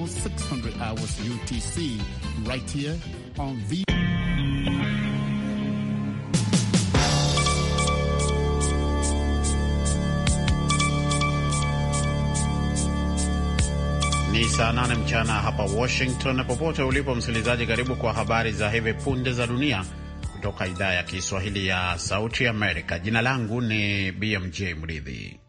all 600 hours UTC right here on V. Ni saa nane mchana hapa Washington. Popote ulipo msikilizaji, karibu kwa habari za hivi punde za dunia kutoka idhaa ya Kiswahili ya Sauti Amerika. Jina langu ni BMJ Mridhi.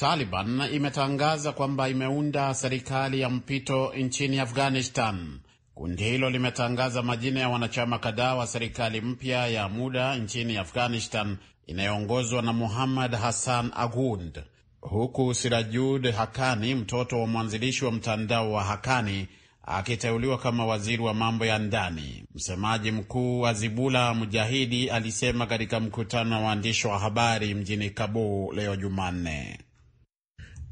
Taliban imetangaza kwamba imeunda serikali ya mpito nchini Afghanistan. Kundi hilo limetangaza majina ya wanachama kadhaa wa serikali mpya ya muda nchini Afghanistan inayoongozwa na Muhammad Hassan Agund, huku Sirajud Hakani, mtoto wa mwanzilishi wa mtandao wa Hakani, akiteuliwa kama waziri wa mambo ya ndani. Msemaji mkuu Azibula Mujahidi alisema katika mkutano wa waandishi wa habari mjini Kabul leo Jumanne.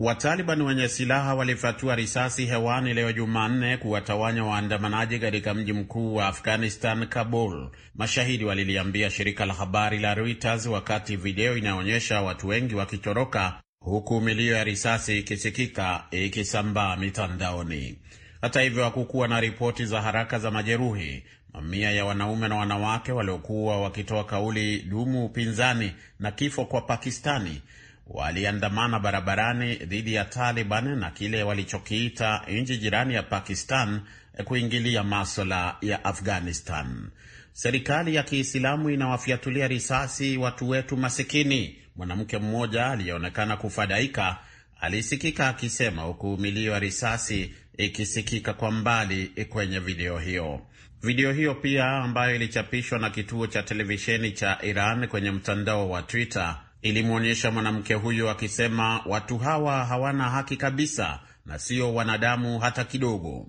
Wataliban wenye silaha walifyatua risasi hewani leo Jumanne kuwatawanya waandamanaji katika mji mkuu wa Afghanistan, Kabul, mashahidi waliliambia shirika la habari la Reuters, wakati video inaonyesha watu wengi wakitoroka huku milio ya risasi ikisikika ikisambaa mitandaoni. Hata hivyo, hakukuwa na ripoti za haraka za majeruhi. Mamia ya wanaume na wanawake waliokuwa wakitoa kauli dumu upinzani na kifo kwa Pakistani waliandamana barabarani dhidi ya Taliban na kile walichokiita nchi jirani ya Pakistan kuingilia maswala ya Afghanistan. Serikali ya Kiislamu inawafyatulia risasi watu wetu masikini, mwanamke mmoja aliyeonekana kufadhaika alisikika akisema, huku milio ya risasi ikisikika kwa mbali kwenye video hiyo. Video hiyo pia ambayo ilichapishwa na kituo cha televisheni cha Iran kwenye mtandao wa Twitter ilimwonyesha mwanamke huyo akisema watu hawa hawana haki kabisa na sio wanadamu hata kidogo.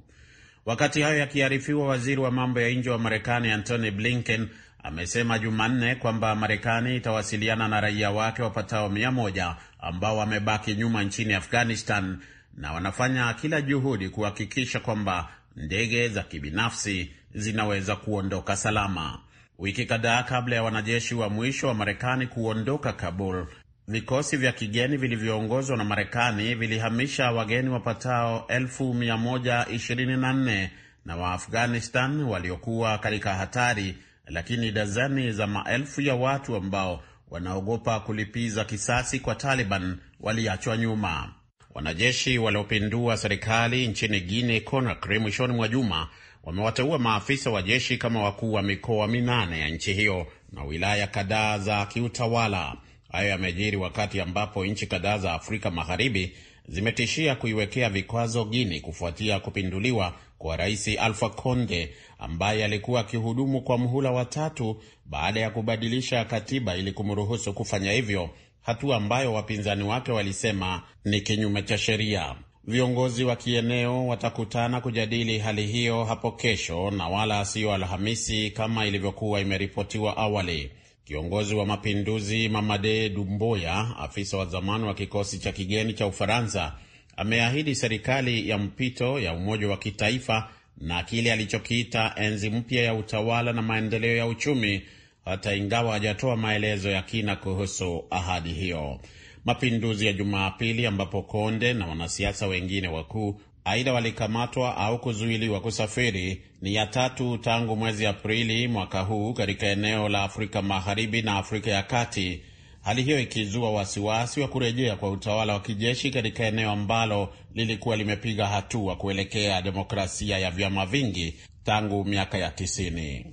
Wakati hayo yakiarifiwa, waziri wa mambo ya nje wa Marekani Antony Blinken amesema Jumanne kwamba Marekani itawasiliana na raia wake wapatao mia moja ambao wamebaki nyuma nchini Afghanistan na wanafanya kila juhudi kuhakikisha kwamba ndege za kibinafsi zinaweza kuondoka salama. Wiki kadhaa kabla ya wanajeshi wa mwisho wa Marekani kuondoka Kabul, vikosi vya kigeni vilivyoongozwa na Marekani vilihamisha wageni wapatao 124 na Waafghanistan waliokuwa katika hatari, lakini dazani za maelfu ya watu ambao wanaogopa kulipiza kisasi kwa Taliban waliachwa nyuma. Wanajeshi waliopindua serikali nchini Guinea Conakry mwishoni mwa juma wamewateua maafisa wa jeshi kama wakuu wa mikoa minane ya nchi hiyo na wilaya kadhaa za kiutawala. Hayo yamejiri wakati ambapo nchi kadhaa za Afrika Magharibi zimetishia kuiwekea vikwazo Guini kufuatia kupinduliwa kwa Rais alfa Conde ambaye alikuwa akihudumu kwa mhula wa tatu baada ya kubadilisha katiba ili kumruhusu kufanya hivyo, hatua ambayo wapinzani wake walisema ni kinyume cha sheria. Viongozi wa kieneo watakutana kujadili hali hiyo hapo kesho na wala siyo Alhamisi kama ilivyokuwa imeripotiwa awali. Kiongozi wa mapinduzi Mamade Dumboya, afisa wa zamani wa kikosi cha kigeni cha Ufaransa, ameahidi serikali ya mpito ya umoja wa kitaifa na kile alichokiita enzi mpya ya utawala na maendeleo ya uchumi, hata ingawa hajatoa maelezo ya kina kuhusu ahadi hiyo mapinduzi ya Jumapili ambapo Konde na wanasiasa wengine wakuu aidha walikamatwa au kuzuiliwa kusafiri ni ya tatu tangu mwezi Aprili mwaka huu katika eneo la Afrika Magharibi na Afrika ya Kati, hali hiyo ikizua wasiwasi wa kurejea kwa utawala wa kijeshi katika eneo ambalo lilikuwa limepiga hatua kuelekea demokrasia ya vyama vingi tangu miaka ya tisini.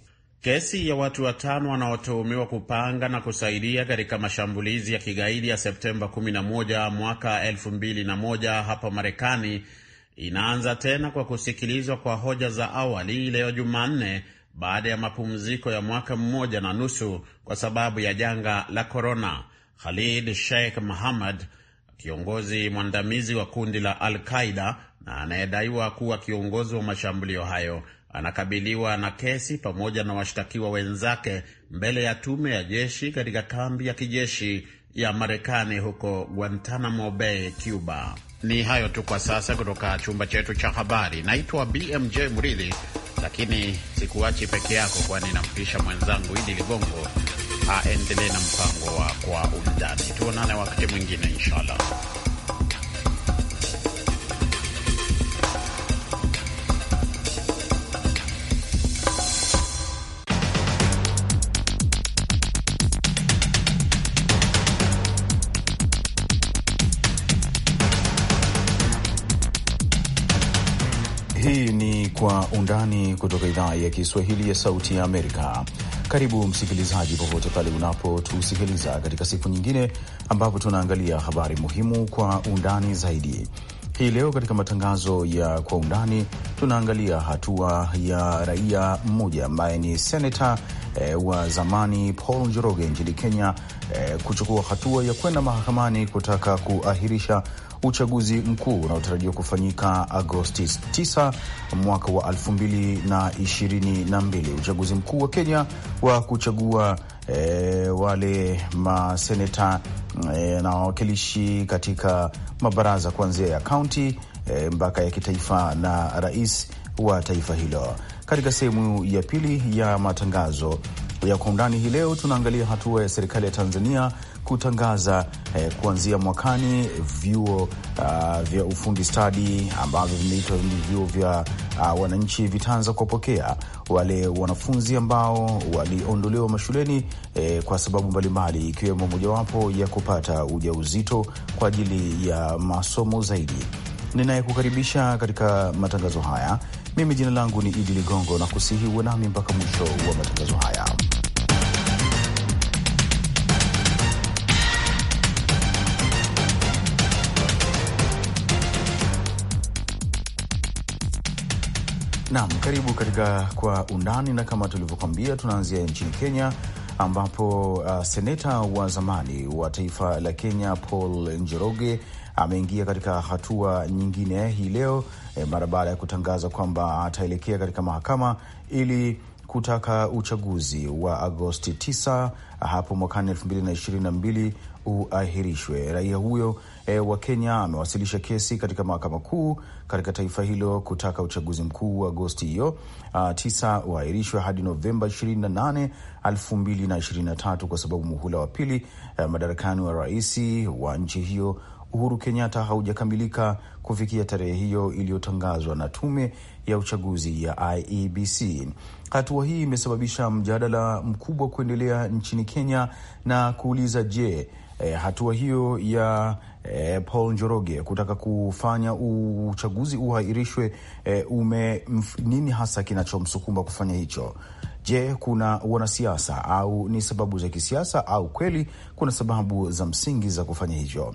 Kesi ya watu watano wanaotuhumiwa kupanga na kusaidia katika mashambulizi ya kigaidi ya Septemba 11 mwaka 2001 hapa Marekani inaanza tena kwa kusikilizwa kwa hoja za awali leo Jumanne baada ya mapumziko ya mwaka mmoja na nusu kwa sababu ya janga la korona. Khalid Sheikh Muhammad, kiongozi mwandamizi wa kundi la Al Qaida na anayedaiwa kuwa kiongozi wa mashambulio hayo anakabiliwa na kesi pamoja na washtakiwa wenzake mbele ya tume ya jeshi katika kambi ya kijeshi ya Marekani huko Guantanamo Bay, Cuba. Ni hayo tu kwa sasa kutoka chumba chetu cha habari. Naitwa BMJ Muridhi, lakini sikuachi peke yako, kwani nampisha mwenzangu Idi Ligongo aendelee na mpango wa kwa undani. Tuonane wakati mwingine inshallah. Undani kutoka idhaa ya Kiswahili ya Sauti ya Amerika. Karibu msikilizaji, popote pale unapotusikiliza katika siku nyingine ambapo tunaangalia habari muhimu kwa undani zaidi. Hii leo katika matangazo ya Kwa Undani tunaangalia hatua ya raia mmoja ambaye ni senata e, wa zamani Paul Njoroge nchini Kenya e, kuchukua hatua ya kwenda mahakamani kutaka kuahirisha uchaguzi mkuu unaotarajiwa kufanyika Agosti 9 mwaka wa 2022, uchaguzi mkuu wa Kenya wa kuchagua e, wale maseneta e, na wawakilishi katika mabaraza kuanzia ya kaunti e, mpaka ya kitaifa na rais wa taifa hilo. Katika sehemu ya pili ya matangazo ya kwa undani hii leo, tunaangalia hatua ya serikali ya Tanzania kutangaza eh, kuanzia mwakani vyuo uh, vya ufundi stadi ambavyo vimeitwa ni vyuo vya uh, wananchi vitaanza kuwapokea wale wanafunzi ambao waliondolewa mashuleni eh, kwa sababu mbalimbali ikiwemo mojawapo ya kupata ujauzito kwa ajili ya masomo zaidi. Ninayekukaribisha katika matangazo haya mimi jina langu ni Idi Ligongo na kusihi uwe nami mpaka mwisho wa matangazo haya. Nam, karibu katika Kwa Undani, na kama tulivyokwambia, tunaanzia nchini Kenya ambapo uh, seneta wa zamani wa taifa la Kenya Paul Njoroge ameingia katika hatua nyingine hii leo e, mara baada ya kutangaza kwamba ataelekea katika mahakama ili kutaka uchaguzi wa Agosti 9 hapo mwakani 2022 uahirishwe. Raia huyo e, wa Kenya amewasilisha kesi katika mahakama kuu katika taifa hilo kutaka uchaguzi mkuu wa Agosti hiyo 9 uahirishwe hadi Novemba 28, 2023 kwa sababu muhula wa pili e, madarakani wa rais wa nchi hiyo Uhuru Kenyatta haujakamilika kufikia tarehe hiyo iliyotangazwa na tume ya uchaguzi ya IEBC. Hatua hii imesababisha mjadala mkubwa kuendelea nchini Kenya na kuuliza je, eh, hatua hiyo ya eh, Paul Njoroge kutaka kufanya uchaguzi uhairishwe eh, ume mf, nini hasa kinachomsukuma kufanya hicho? Je, kuna wanasiasa au ni sababu za kisiasa au kweli kuna sababu za msingi za kufanya hicho?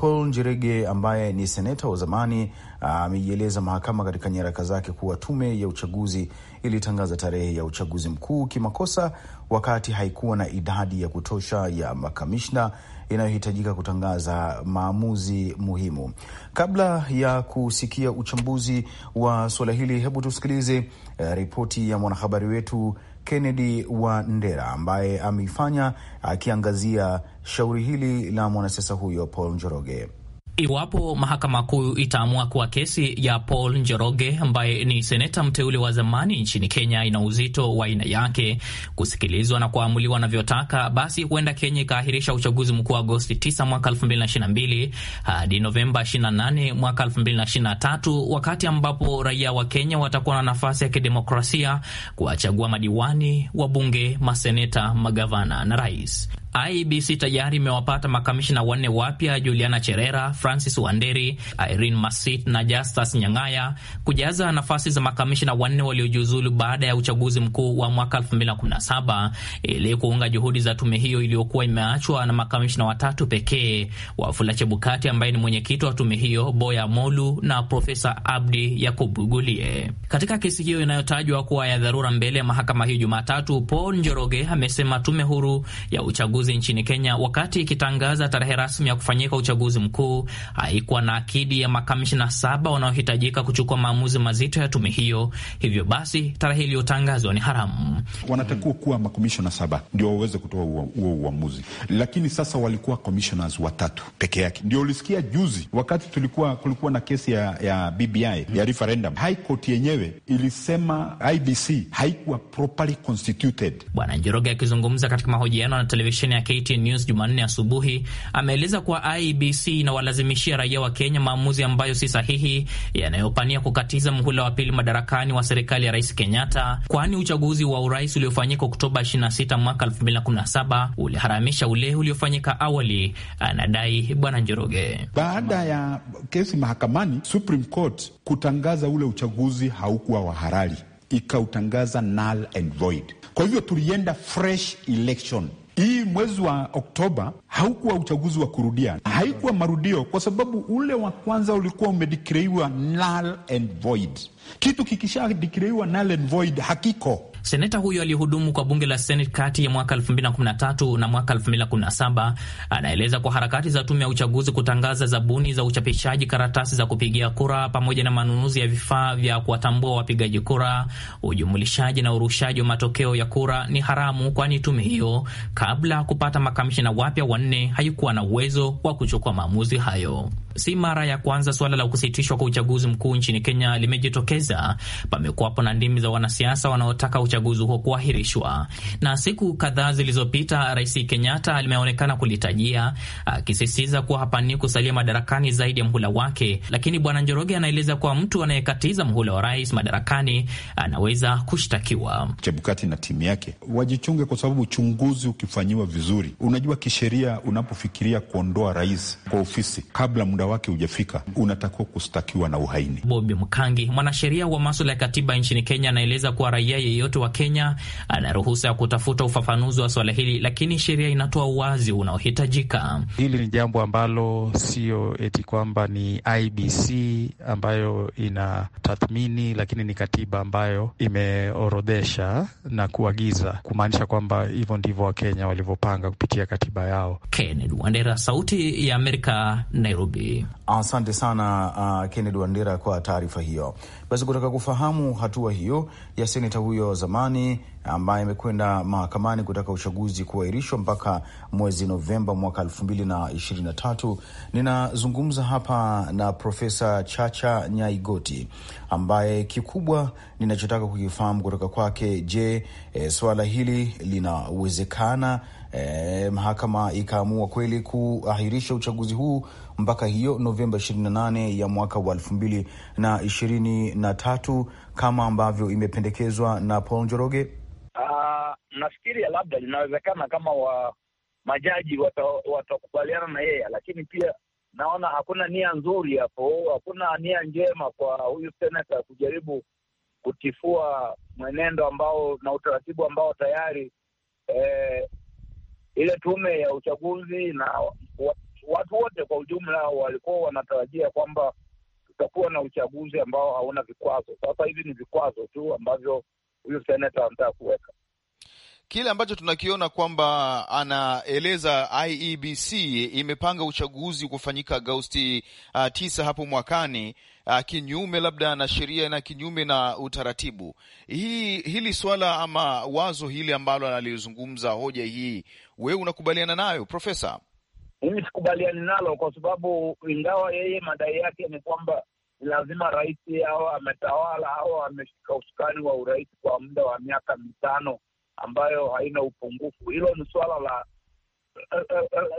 Paul njerege ambaye ni seneta wa zamani ameieleza mahakama katika nyaraka zake kuwa tume ya uchaguzi ilitangaza tarehe ya uchaguzi mkuu kimakosa, wakati haikuwa na idadi ya kutosha ya makamishna inayohitajika kutangaza maamuzi muhimu. Kabla ya kusikia uchambuzi wa suala hili, hebu tusikilize uh, ripoti ya mwanahabari wetu Kennedy wa Ndera ambaye ameifanya akiangazia shauri hili la mwanasiasa huyo Paul Njoroge. Iwapo mahakama kuu itaamua kuwa kesi ya Paul Njoroge ambaye ni seneta mteule wa zamani nchini Kenya ina uzito wa aina yake kusikilizwa na kuamuliwa anavyotaka basi huenda Kenya ikaahirisha uchaguzi mkuu Agosti 9 mwaka 2022 hadi Novemba 28 mwaka 2023, wakati ambapo raia wa Kenya watakuwa na nafasi ya kidemokrasia kuwachagua madiwani, wabunge, maseneta, magavana na rais. IBC tayari imewapata makamishina wanne wapya Juliana Cherera, Francis Wanderi, Irene Masit na Justus Nyang'aya kujaza nafasi za makamishina wanne waliojiuzulu baada ya uchaguzi mkuu wa mwaka 2017 ili kuunga juhudi za tume hiyo iliyokuwa imeachwa na makamishina watatu pekee, Wafula Chebukati ambaye ni mwenyekiti wa tume hiyo, Boya Molu na Profesa Abdi Yakub Gulie. Katika kesi hiyo inayotajwa kuwa ya dharura mbele ya mahakama hiyo Jumatatu, Paul Njoroge amesema tume huru ya uchaguzi uchaguzi nchini Kenya, wakati ikitangaza tarehe rasmi ya kufanyika uchaguzi mkuu, haikuwa na akidi ya makamishina saba wanaohitajika kuchukua maamuzi mazito ya tume hiyo. Hivyo basi tarehe iliyotangazwa ni haramu. Wanatakiwa kuwa makomishona saba ndio waweze kutoa huo uamuzi, lakini sasa walikuwa commissioners watatu peke yake. Ndio ulisikia juzi wakati tulikuwa kulikuwa na kesi ya, ya BBI hmm, ya referendum, High Court yenyewe ilisema IBC haikuwa properly constituted. Bwana Njoroge akizungumza katika mahojiano na televisheni televisheni ya KTN News Jumanne asubuhi ameeleza kuwa IBC inawalazimishia raia wa Kenya maamuzi ambayo si sahihi yanayopania kukatiza mhula wa pili madarakani wa serikali ya Rais Kenyatta, kwani uchaguzi wa urais uliofanyika Oktoba 26 mwaka 2017 uliharamisha ule uliofanyika awali, anadai Bwana Njoroge. Baada ya kesi mahakamani, Supreme Court kutangaza ule uchaguzi haukuwa wa halali, ikautangaza null and void. Kwa hivyo tulienda fresh election hii mwezi wa Oktoba haukuwa uchaguzi wa kurudia, haikuwa marudio, kwa sababu ule wa kwanza ulikuwa umedikreiwa null and void. Kitu kikishadikreiwa null and void hakiko Seneta huyo aliyehudumu kwa bunge la Senate kati ya mwaka 2013 na mwaka 2017 anaeleza kwa harakati za tume ya uchaguzi kutangaza zabuni za uchapishaji karatasi za kupigia kura pamoja na manunuzi ya vifaa vya kuwatambua wapigaji kura, ujumulishaji na urushaji wa matokeo ya kura ni haramu, kwani tume hiyo kabla ya kupata makamishina wapya wanne haikuwa na uwezo wa kuchukua maamuzi hayo. Si mara ya kwanza suala la kusitishwa kwa uchaguzi mkuu nchini Kenya limejitokeza. Pamekuwapo na ndimi za wanasiasa wanaotaka uchaguzi huo kuahirishwa. Na siku kadhaa zilizopita, Rais Kenyatta limeonekana kulitajia ah, akisisitiza kuwa hapanii kusalia madarakani zaidi ya mhula wake, lakini Bwana Njoroge anaeleza kuwa mtu anayekatiza mhula wa rais madarakani anaweza kushtakiwa. Chebukati na timu yake wajichunge, kwa sababu uchunguzi ukifanyiwa vizuri, unajua kisheria, unapofikiria kuondoa rais kwa ofisi kabla muda wake hujafika, unatakiwa kustakiwa na uhaini. Bobi Mkangi, mwanasheria wa maswala ya katiba nchini Kenya, anaeleza kuwa raia yeyote wa Kenya ana ruhusa ya kutafuta ufafanuzi wa swala hili, lakini sheria inatoa uwazi unaohitajika. Hili ni jambo ambalo sio eti kwamba ni IBC ambayo inatathmini, lakini ni katiba ambayo imeorodhesha na kuagiza, kumaanisha kwamba hivyo ndivyo Wakenya walivyopanga kupitia katiba yao. Kennedy Wandera, Sauti ya Amerika, Nairobi. Asante sana uh, Kennedy Wandera kwa taarifa hiyo. Basi kutaka kufahamu hatua hiyo ya seneta huyo wa zamani ambaye amekwenda mahakamani kutaka uchaguzi kuahirishwa mpaka mwezi Novemba mwaka elfu mbili na ishirini na tatu. Ninazungumza hapa na Profesa Chacha Nyaigoti ambaye kikubwa ninachotaka kukifahamu kutoka kwake, je, e, eh, swala hili linawezekana e, mahakama ikaamua kweli kuahirisha uchaguzi huu mpaka hiyo Novemba 28 ya mwaka wa elfu mbili na ishirini na tatu kama ambavyo imependekezwa na Paul Njoroge? Uh, nafikiria labda linawezekana kama wa majaji watakubaliana wata na yeye, lakini pia naona hakuna nia nzuri hapo, hakuna nia njema kwa huyu seneta kujaribu kutifua mwenendo ambao na utaratibu ambao tayari eh, ile tume ya uchaguzi na watu wote kwa ujumla walikuwa wanatarajia kwamba kutakuwa na uchaguzi ambao hauna vikwazo. Sasa hivi ni vikwazo tu ambavyo huyu seneta anataka kuweka kile ambacho tunakiona kwamba anaeleza IEBC imepanga uchaguzi kufanyika Agosti uh, tisa hapo mwakani uh, kinyume labda na sheria na kinyume na utaratibu. Hii hili swala ama wazo hili ambalo analizungumza, hoja hii, wewe unakubaliana nayo Profesa? Mimi sikubaliani nalo kwa sababu ingawa yeye madai yake ni kwamba ni lazima rais au ametawala au ameshika usukani wa urais kwa muda wa miaka mitano ambayo haina upungufu. Hilo ni suala la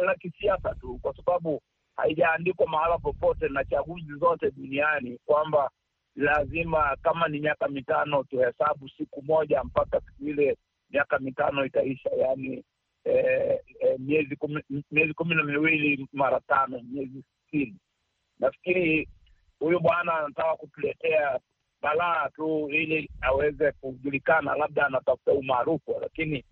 la kisiasa tu, kwa sababu haijaandikwa mahala popote na chaguzi zote duniani kwamba lazima kama ni miaka mitano tuhesabu siku moja mpaka siku ile miaka mitano itaisha, yaani eh, eh, miezi kumi na miwili mara tano, miezi sitini. Nafikiri huyu bwana anataka kutuletea balaa tu ili aweze kujulikana, labda anatafuta umaarufu. Lakini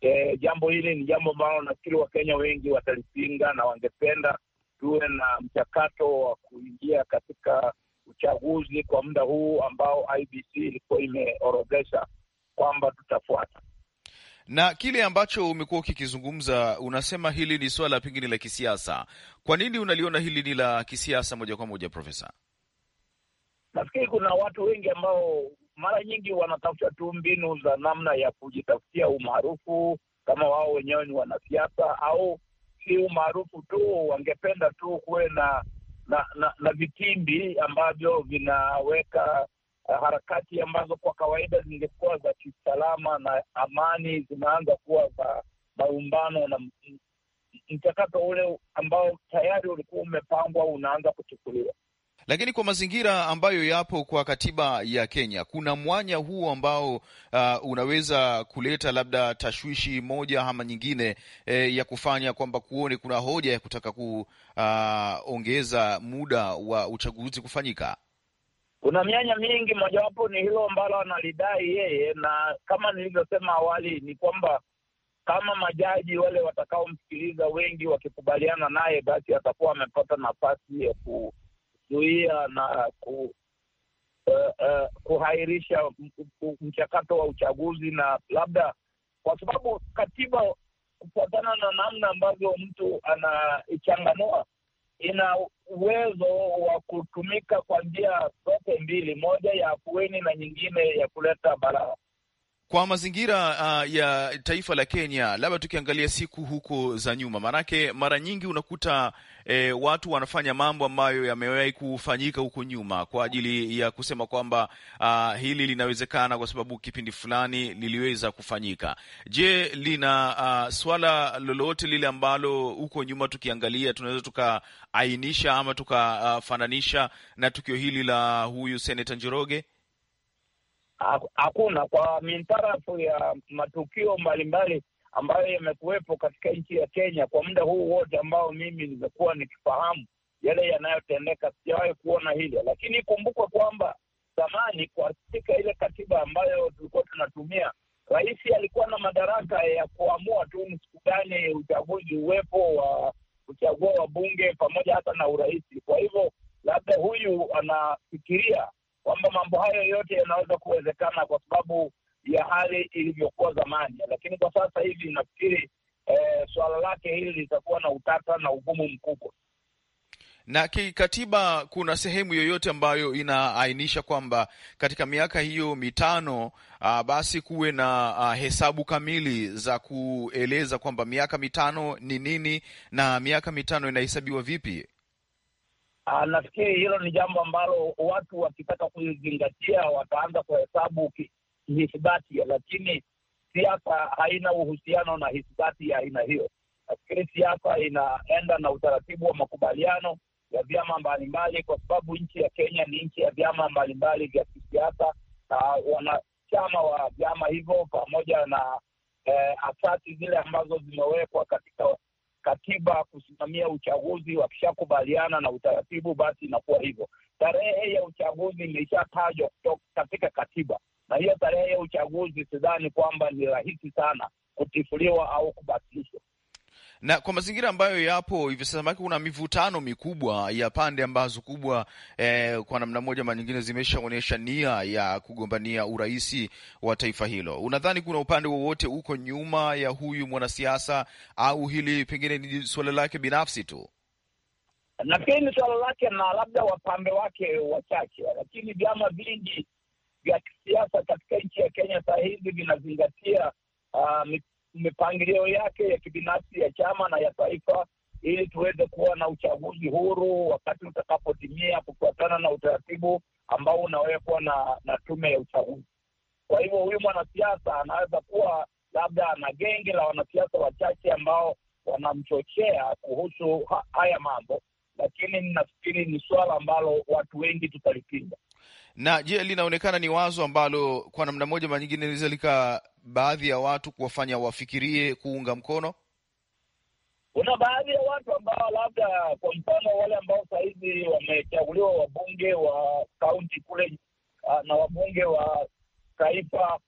e, jambo hili ni jambo ambalo nafikiri Wakenya wengi watalipinga na wangependa tuwe na mchakato wa kuingia katika uchaguzi kwa muda huu ambao IBC ilikuwa imeorodhesha kwamba tutafuata na kile ambacho umekuwa ukikizungumza, unasema hili ni swala pengine la kisiasa. Kwa nini unaliona hili ni la kisiasa moja kwa moja, Profesa? nafikiri kuna watu wengi ambao mara nyingi wanatafuta tu mbinu za namna ya kujitafutia umaarufu, kama wao wenyewe ni wanasiasa au si umaarufu tu, wangependa tu kuwe na na, na na vitimbi ambavyo vinaweka eh, harakati ambazo kwa kawaida zingekuwa za kisalama na amani zinaanza kuwa za malumbano na mchakato ule ambao tayari ulikuwa umepangwa unaanza kuchukuliwa. Lakini kwa mazingira ambayo yapo kwa katiba ya Kenya, kuna mwanya huu ambao uh, unaweza kuleta labda tashwishi moja ama nyingine eh, ya kufanya kwamba kuone kuna hoja ya kutaka kuongeza uh, muda wa uchaguzi kufanyika. Kuna mianya mingi, mojawapo ni hilo ambalo analidai yeye, na kama nilivyosema awali ni kwamba kama majaji wale watakaomsikiliza wengi wakikubaliana naye, basi atakuwa amepata nafasi ya ku kuzuia na ku, uh, uh, kuhairisha mchakato wa uchaguzi, na labda kwa sababu katiba kufuatana na namna ambavyo mtu anaichanganua ina uwezo wa kutumika kwa njia zote mbili, moja ya afueni na nyingine ya kuleta balaa kwa mazingira uh, ya taifa la Kenya, labda tukiangalia siku huko za nyuma, maanake mara nyingi unakuta eh, watu wanafanya mambo ambayo yamewahi kufanyika huko nyuma kwa ajili ya kusema kwamba uh, hili linawezekana kwa sababu kipindi fulani liliweza kufanyika. Je, lina uh, swala lolote lile ambalo huko nyuma tukiangalia tunaweza tukaainisha ama tukafananisha uh, na tukio hili la huyu Seneta Njoroge? hakuna kwa mintarafu ya matukio mbalimbali ambayo yamekuwepo katika nchi ya Kenya kwa muda huu wote ambao mimi nimekuwa nikifahamu yale yanayotendeka, sijawahi kuona hilo. Lakini ikumbukwe kwamba zamani, katika ile katiba ambayo tulikuwa tunatumia, rais alikuwa na madaraka ya kuamua tu ni siku gani uchaguzi, uwepo wa kuchagua wabunge pamoja hata na urais. Kwa hivyo labda huyu anafikiria kwamba mambo hayo yote yanaweza kuwezekana kwa sababu ya hali ilivyokuwa zamani, lakini kwa sasa hivi nafikiri eh, suala lake hili litakuwa na utata na ugumu mkubwa. Na kikatiba, kuna sehemu yoyote ambayo inaainisha kwamba katika miaka hiyo mitano a, ah, basi kuwe na a, ah, hesabu kamili za kueleza kwamba miaka mitano ni nini na miaka mitano inahesabiwa vipi? Ah, nafikiri hilo ni jambo ambalo watu wakitaka kuizingatia wataanza kuhesabu hisbati, lakini siasa haina uhusiano na hisbati ya aina hiyo. Nafikiri siasa inaenda na utaratibu wa makubaliano ya vyama mbalimbali, kwa sababu nchi ya Kenya ni nchi ya vyama mbalimbali vya kisiasa, na wanachama wa vyama hivyo pamoja na eh, asasi zile ambazo zimewekwa katika katiba kusimamia uchaguzi. Wakishakubaliana na utaratibu, basi inakuwa hivyo. Tarehe ya uchaguzi imeshatajwa katika katiba, na hiyo tarehe ya uchaguzi sidhani kwamba ni rahisi sana kutifuliwa au kubatilishwa na kwa mazingira ambayo yapo hivi sasa, maana kuna mivutano mikubwa ya pande ambazo kubwa, eh, kwa namna moja ama nyingine zimeshaonyesha nia ya kugombania uraisi wa taifa hilo. Unadhani kuna upande wowote uko nyuma ya huyu mwanasiasa au hili pengine ni suala lake binafsi tu? Nafikiri ni suala lake na labda wapambe wake wachache, lakini vyama vingi vya kisiasa katika nchi ya Kenya saa hizi vinazingatia uh, mipangilio yake ya kibinafsi ya chama na ya taifa, ili tuweze kuwa na uchaguzi huru wakati utakapotimia, kufuatana na utaratibu ambao unawekwa na, na tume ya uchaguzi. Kwa hivyo huyu mwanasiasa anaweza kuwa labda ana genge la wanasiasa wachache ambao wanamchochea kuhusu ha haya mambo, lakini nafikiri ni suala ambalo watu wengi tutalipinga. Na je, linaonekana ni wazo ambalo kwa namna moja manyingine linaweza lika baadhi ya watu kuwafanya wafikirie kuunga mkono? Kuna baadhi ya watu ambao labda kwa mfano wale ambao sahizi wamechaguliwa wabunge wa kaunti kule ah, na wabunge wa taifa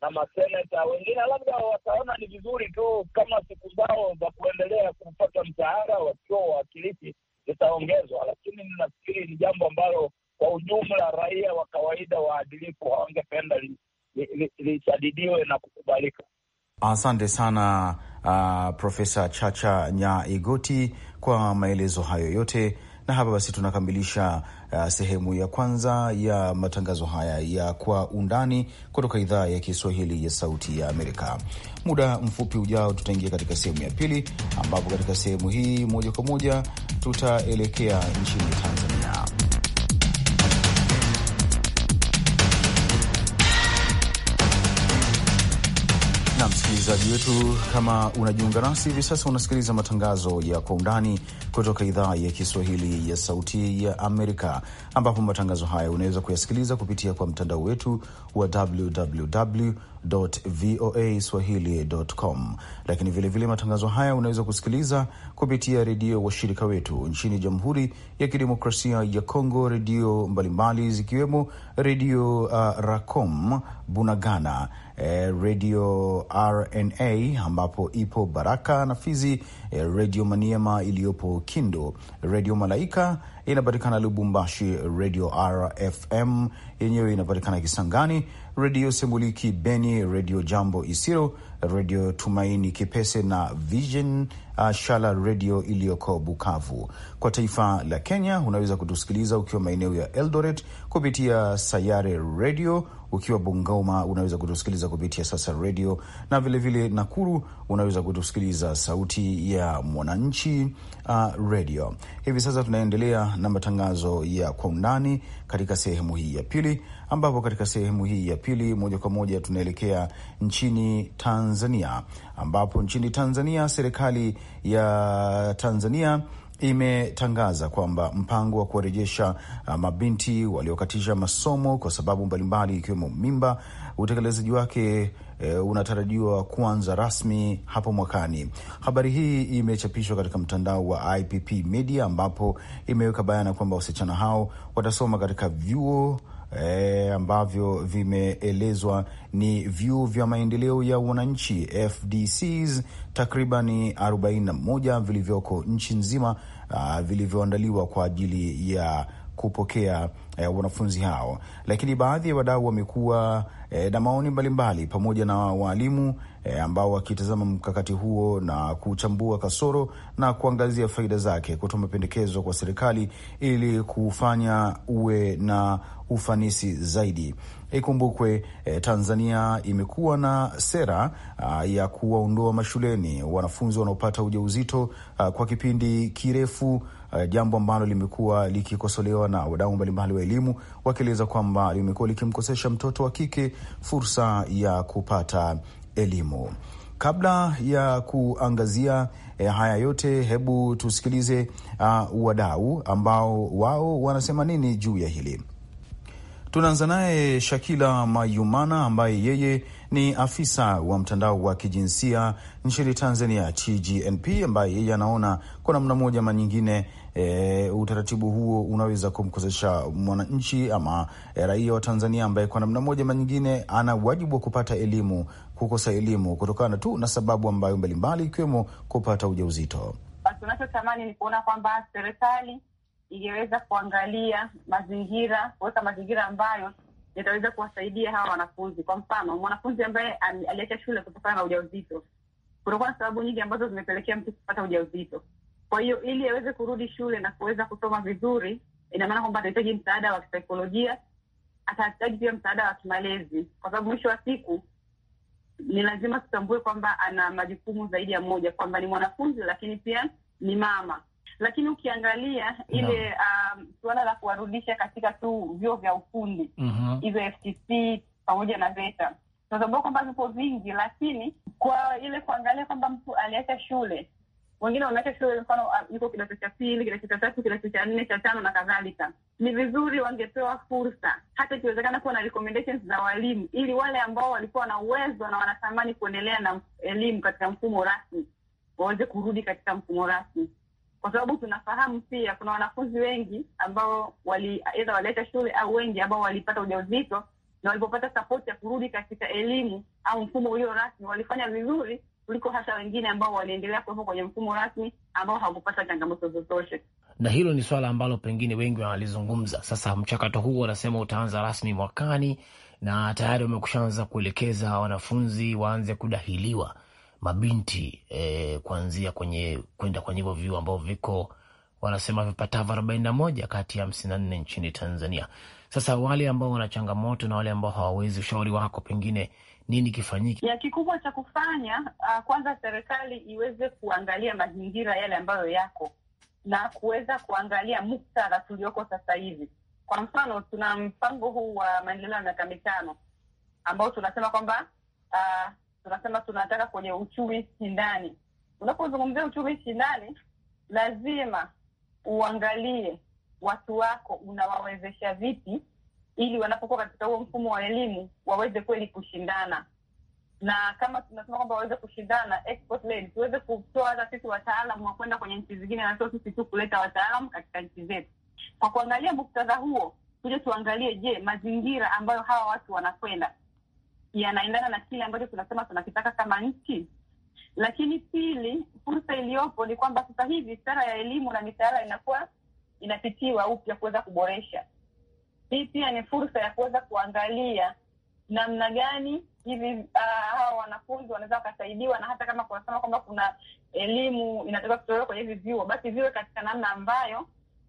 na maseneta wengine, labda wataona ni vizuri tu kama siku zao za kuendelea kupata mshahara wakiwa wawakilishi zitaongezwa, lakini ninafikiri ni jambo ambalo kwa ujumla raia wa kawaida waadilifu hawangependa lisadidiwe na kukubalika. Asante sana uh, Profesa Chacha Nyaigoti kwa maelezo hayo yote na hapa basi tunakamilisha uh, sehemu ya kwanza ya matangazo haya ya Kwa Undani kutoka idhaa ya Kiswahili ya Sauti ya Amerika. Muda mfupi ujao, tutaingia katika sehemu ya pili, ambapo katika sehemu hii moja kwa moja tutaelekea nchini Tanzania. msikilizaji wetu, kama unajiunga nasi hivi sasa, unasikiliza matangazo ya Kwa Undani kutoka idhaa ya Kiswahili ya Sauti ya Amerika, ambapo matangazo haya unaweza kuyasikiliza kupitia kwa mtandao wetu wa www voa swahili.com, lakini vilevile vile matangazo haya unaweza kusikiliza kupitia redio washirika wetu nchini Jamhuri ya Kidemokrasia ya Kongo, redio mbalimbali zikiwemo Redio uh, Racom Bunagana eh, redio RNA ambapo ipo Baraka na Fizi, eh, redio Maniema iliyopo kindo redio Malaika inapatikana Lubumbashi, redio RFM yenyewe inapatikana Kisangani, redio Semuliki Beni, redio Jambo Isiro, redio Tumaini Kipese na Vision uh, Shala redio iliyoko Bukavu. Kwa taifa la Kenya unaweza kutusikiliza ukiwa maeneo ya Eldoret kupitia Sayare redio ukiwa Bungoma unaweza kutusikiliza kupitia Sasa Redio, na vilevile vile Nakuru unaweza kutusikiliza Sauti ya Mwananchi uh, redio. Hivi sasa tunaendelea na matangazo ya Kwa Undani katika sehemu hii ya pili, ambapo katika sehemu hii ya pili moja kwa moja tunaelekea nchini Tanzania ambapo nchini Tanzania serikali ya Tanzania imetangaza kwamba mpango wa kuwarejesha ah, mabinti waliokatisha masomo kwa sababu mbalimbali ikiwemo mimba, utekelezaji wake e, unatarajiwa kuanza rasmi hapo mwakani. Habari hii imechapishwa katika mtandao wa IPP Media ambapo imeweka bayana kwamba wasichana hao watasoma katika vyuo e, ambavyo vimeelezwa ni vyuo vya maendeleo ya wananchi FDCs takribani 41 vilivyoko nchi nzima ah, vilivyoandaliwa kwa ajili ya kupokea eh, wanafunzi hao, lakini baadhi ya wadau wamekuwa eh, na maoni mbalimbali pamoja na waalimu eh, ambao wakitazama mkakati huo na kuchambua kasoro na kuangazia faida zake, kutoa mapendekezo kwa serikali ili kufanya uwe na ufanisi zaidi. Ikumbukwe eh, Tanzania imekuwa na sera ah, ya kuwaondoa mashuleni wanafunzi wanaopata ujauzito ah, kwa kipindi kirefu uh, jambo ambalo limekuwa likikosolewa na wadau mbalimbali wa elimu wakieleza kwamba limekuwa likimkosesha mtoto wa kike fursa ya kupata elimu. Kabla ya kuangazia eh, haya yote, hebu tusikilize uh, wadau ambao wao wanasema nini juu ya hili. Tunaanza naye Shakila Mayumana ambaye yeye ni afisa wa mtandao wa kijinsia nchini Tanzania TGNP, ambaye yeye anaona kwa namna moja ama nyingine e, utaratibu huo unaweza kumkosesha mwananchi ama e, raia wa Tanzania ambaye kwa namna moja ama nyingine ana wajibu wa kupata elimu kukosa elimu kutokana tu na sababu ambayo mbalimbali ikiwemo kupata ujauzito. Tunachotamani ni kuona kwamba serikali ingeweza kuangalia mazingira, kuweka mazingira ambayo yataweza kuwasaidia hawa wanafunzi. Kwa mfano, mwanafunzi ambaye aliacha shule kutokana na ujauzito, kunakuwa na sababu nyingi ambazo zimepelekea mtu kupata ujauzito. Kwa hiyo ili aweze kurudi shule na kuweza kusoma vizuri, ina maana kwamba atahitaji msaada wa kisaikolojia, atahitaji pia msaada wa kimalezi, kwa sababu mwisho wa siku ni lazima tutambue kwamba ana majukumu zaidi ya moja, kwamba ni mwanafunzi lakini pia ni mama lakini ukiangalia ile um, suala la kuwarudisha katika tu vyuo vya ufundi mhm. hizo mm -hmm. FTC pamoja na VETA tunatambua kwamba vipo vingi, lakini kwa ile kuangalia kwamba mtu aliacha shule, wengine wanaacha shule, mfano um, yuko kidato cha pili, kidato cha tatu, kidato cha nne, cha tano na kadhalika. Ni vizuri wangepewa fursa, hata ikiwezekana kuwa na recommendations za walimu, ili wale ambao walikuwa na uwezo na wanatamani kuendelea na elimu katika mfumo rasmi waweze kurudi katika mfumo rasmi kwa sababu tunafahamu pia kuna wanafunzi wengi ambao wali aidha waliacha shule au wengi ambao walipata ujauzito na walipopata sapoti ya kurudi katika elimu au mfumo ulio rasmi walifanya vizuri kuliko hata wengine ambao waliendelea kuwepo kwenye mfumo rasmi ambao hawakupata changamoto zozote. Na hilo ni swala ambalo pengine wengi wanalizungumza. Sasa mchakato huu wanasema utaanza rasmi mwakani, na tayari wamekushaanza kuelekeza wanafunzi waanze kudahiliwa mabinti e, kuanzia kwenye kwenda kwenye hivyo vyuo ambavyo viko wanasema vipatavyo arobaini na moja kati ya hamsini na nne nchini Tanzania. Sasa wale ambao wana changamoto na wale ambao hawawezi, ushauri wako pengine nini kifanyike? ya kikubwa cha kufanya uh, kwanza serikali iweze kuangalia mazingira yale ambayo yako na kuweza kuangalia muktadha tulioko sasa hivi. Kwa mfano, tuna mpango huu wa maendeleo ya miaka mitano ambao tunasema kwamba uh, tunasema tunataka kwenye uchumi shindani. Unapozungumzia uchumi shindani, lazima uangalie watu wako unawawezesha vipi, ili wanapokuwa katika huo mfumo wa elimu waweze kweli kushindana na kama tunasema kwamba waweze kushindana export tuweze kutoa hata sisi wataalam wa kwenda kwenye nchi zingine, na sio sisi tu kuleta wataalam katika nchi zetu. Kwa kuangalia muktadha huo, tuje tuangalie, je, mazingira ambayo hawa watu wanakwenda yanaendana na kile ambacho tunasema tunakitaka kama nchi. Lakini pili, fursa iliyopo ni kwamba sasa hivi sera ya elimu na mitaala inakuwa inapitiwa upya kuweza kuboresha. Hii pia ni fursa ya kuweza kuangalia namna gani hivi uh, hawa wanafunzi wanaweza wakasaidiwa, na hata kama kunasema kwamba kuna elimu inatakiwa kutolewa kwenye hivi vyuo, basi viwe katika namna ambayo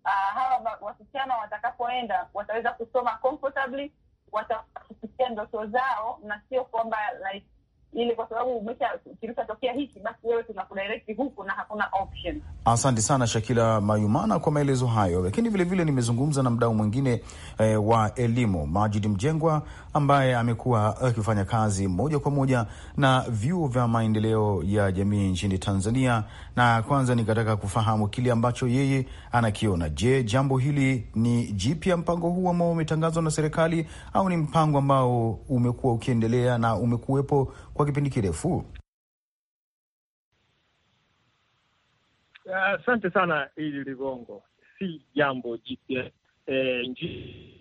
uh, hawa wasichana watakapoenda wataweza kusoma comfortably watafikia ndoto zao, na sio kwamba like ili kwa sababu umesha kilishatokea hiki, basi wewe tunakudirect huku na hakuna option. Asante sana Shakila Mayumana kwa maelezo hayo, lakini vilevile nimezungumza na mdau mwingine eh, wa elimu Majid Mjengwa ambaye amekuwa akifanya kazi moja kwa moja na vyuo vya maendeleo ya jamii nchini Tanzania, na kwanza nikataka kufahamu kile ambacho yeye anakiona. Je, jambo hili ni jipya, mpango huu ambao umetangazwa na serikali, au ni mpango ambao umekuwa ukiendelea na umekuwepo kwa kipindi kirefu? Uh, asante uh, sana ili Ligongo, si jambo jipya eh, nji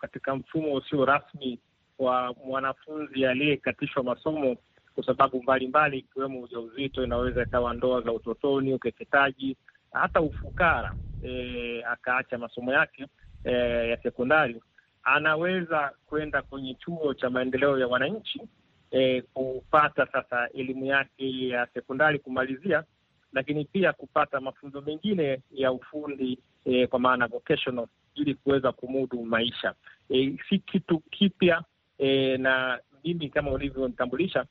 katika mfumo usio rasmi wa mwanafunzi aliyekatishwa masomo kwa sababu mbalimbali ikiwemo ujauzito, inaweza ikawa ndoa za utotoni, ukeketaji, hata ufukara e, akaacha masomo yake e, ya sekondari, anaweza kwenda kwenye chuo cha maendeleo ya wananchi e, kupata sasa elimu yake ya sekondari kumalizia, lakini pia kupata mafunzo mengine ya ufundi e, kwa maana vocational, ili kuweza kumudu maisha. E, si kitu kipya e, na mimi kama ulivyonitambulisha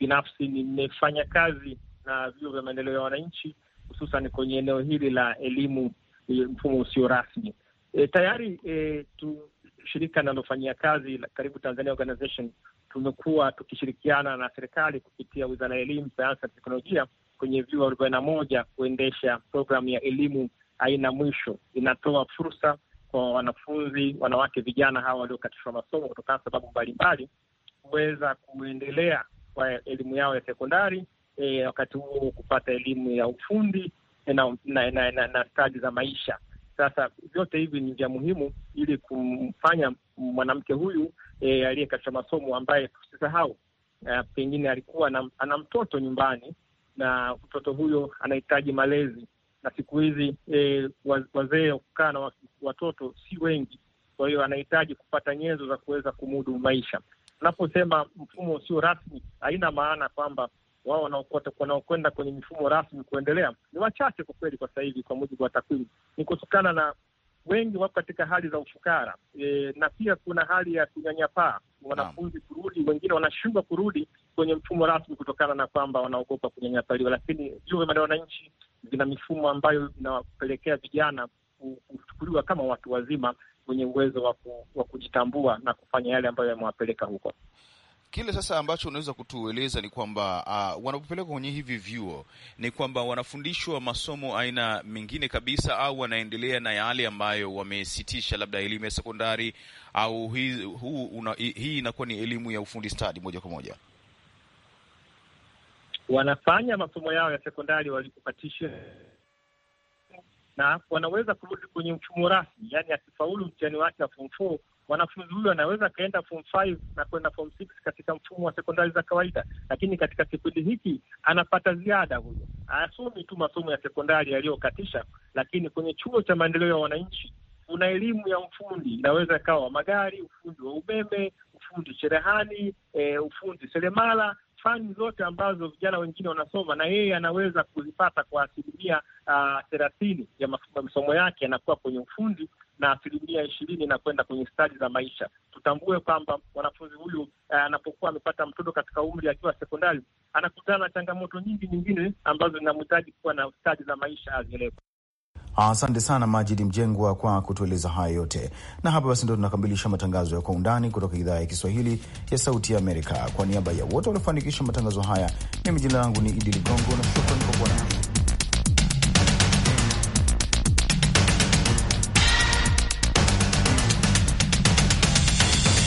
binafsi nimefanya kazi na vyuo vya maendeleo ya wananchi hususan kwenye eneo hili la elimu mfumo usio rasmi. E, tayari e, tu, shirika linalofanyia kazi Karibu Tanzania Organization, tumekuwa tukishirikiana na serikali kupitia wizara ya elimu, sayansi na teknolojia kwenye vyuo arobaini na moja kuendesha programu ya elimu aina mwisho. Inatoa fursa kwa wanafunzi wanawake, vijana hawa waliokatishwa masomo kutokana na sababu mbalimbali, kuweza kuendelea kwa elimu yao ya sekondari, e, wakati huo kupata elimu ya ufundi na, na, na, na, na stadi za maisha sasa vyote hivi ni vya muhimu ili kumfanya mwanamke huyu e, aliye katika masomo ambaye tusisahau e, pengine alikuwa na, ana mtoto nyumbani na mtoto huyo anahitaji malezi, na siku hizi e, wazee kukaa na watoto si wengi, kwa hiyo anahitaji kupata nyenzo za kuweza kumudu maisha. Unaposema mfumo usio rasmi, haina maana kwamba wao wanaokwenda kwenye mifumo rasmi kuendelea ni wachache kwa kweli, kwa sasa hivi, kwa mujibu wa takwimu. Ni kutokana na wengi wako katika hali za ufukara e, na pia kuna hali ya kunyanyapaa wanafunzi kurudi, wengine wanashindwa kurudi kwenye mfumo rasmi kutokana na kwamba wanaogopa kunyanyapaliwa, lakini vyuo vya wananchi vina mifumo ambayo inawapelekea vijana kuchukuliwa kama watu wazima wenye uwezo wa kujitambua na kufanya yale ambayo yamewapeleka huko. Kile sasa ambacho unaweza kutueleza ni kwamba uh, wanapopelekwa kwenye hivi vyuo ni kwamba wanafundishwa masomo aina mengine kabisa, au wanaendelea na yale ambayo wamesitisha, labda elimu ya sekondari au hii una, hii inakuwa ni elimu ya ufundi stadi moja kwa moja? Wanafanya masomo yao ya sekondari walipopatisha, na wanaweza kurudi kwenye mfumo rasmi, yani akifaulu mtihani wake wa form four mwanafunzi huyu anaweza akaenda form na kwenda form katika mfumo wa sekondari za kawaida, lakini katika kipindi hiki anapata ziada. Huyo asomi tu masomo ya sekondari yaliyokatisha, lakini kwenye chuo cha maendeleo ya wananchi kuna elimu ya ufundi, inaweza ikawa wa magari, ufundi wa umeme, ufundi cherehani, e, ufundi seremala fani zote ambazo vijana wengine wanasoma na yeye anaweza kuzipata kwa asilimia ah, thelathini ya masomo yake, yanakuwa kwenye ufundi na asilimia ishirini na kwenda kwenye stadi za maisha. Tutambue kwamba mwanafunzi huyu eh, anapokuwa amepata mtoto katika umri akiwa sekondari, anakutana na changamoto nyingi nyingine ambazo zinamhitaji kuwa na stadi za maisha azielewe. Asante sana Majidi Mjengwa kwa kutueleza haya yote, na hapa basi ndo tunakamilisha matangazo ya Kwa Undani kutoka idhaa ya Kiswahili ya Sauti ya Amerika. Kwa niaba ya wote waliofanikisha matangazo haya, mimi jina langu ni Idi Ligongo na shukrani kwa kuwa